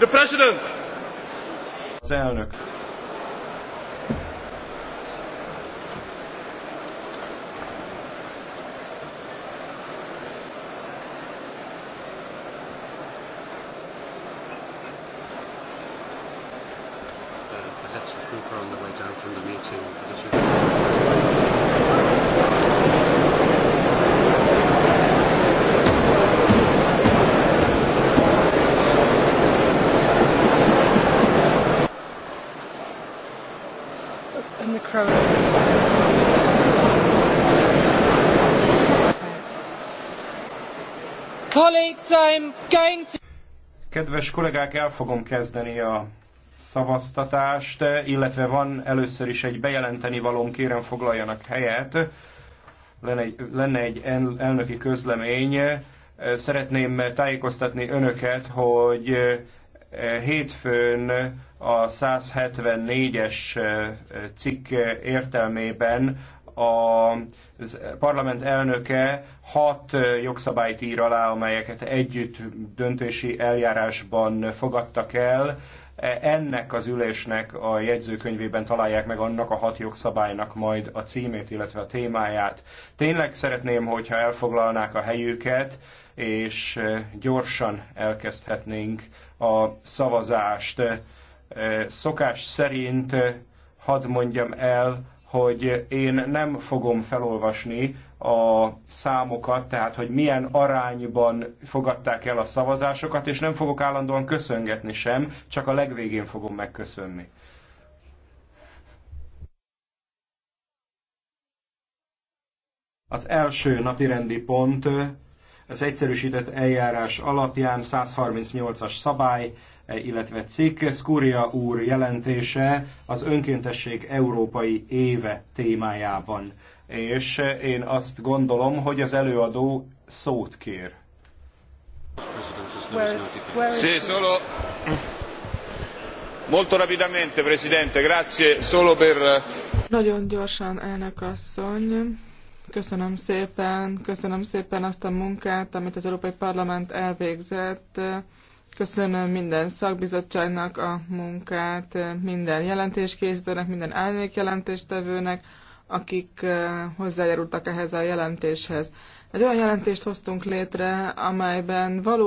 The President! Az elnök. Uh, perhaps way down from the meeting. in the crowd. Colleagues, I'm going to... Kedves kollégák, el fogom kezdeni a szavaztatást, illetve van először is egy bejelenteni valóm, kérem foglaljanak helyet. Lenne egy, lenne egy elnöki közlemény. Szeretném tájékoztatni önöket, hogy hétfőn a 174-es cikk értelmében a parlament elnöke hat jogszabályt ír alá, amelyeket együtt döntési eljárásban fogadtak el. Ennek az ülésnek a jegyzőkönyvében találják meg annak a hat jogszabálynak majd a címét, illetve a témáját. Tényleg szeretném, hogyha elfoglalnák a helyüket, és gyorsan elkezdhetnénk a szavazást. Szokás szerint hadd mondjam el, hogy én nem fogom felolvasni a számokat, tehát hogy milyen arányban fogadták el a szavazásokat, és nem fogok állandóan köszöngetni sem, csak a legvégén fogom megköszönni. Az első napirendi pont az egyszerűsített eljárás alapján 138-as szabály, eh, illetve cikk, Skúria úr jelentése az önkéntesség európai éve témájában. És eh, én azt gondolom, hogy az előadó szót kér. Sì, solo molto rapidamente, Presidente, grazie solo per... Nagyon gyorsan, elnök asszony. Köszönöm szépen, köszönöm szépen azt a munkát, amit az Európai Parlament elvégzett. Köszönöm minden szakbizottságnak a munkát, minden jelentéskészítőnek, minden árnyékjelentéstevőnek, akik eh, hozzájárultak ehhez a jelentéshez. Egy olyan jelentést hoztunk létre, amelyben való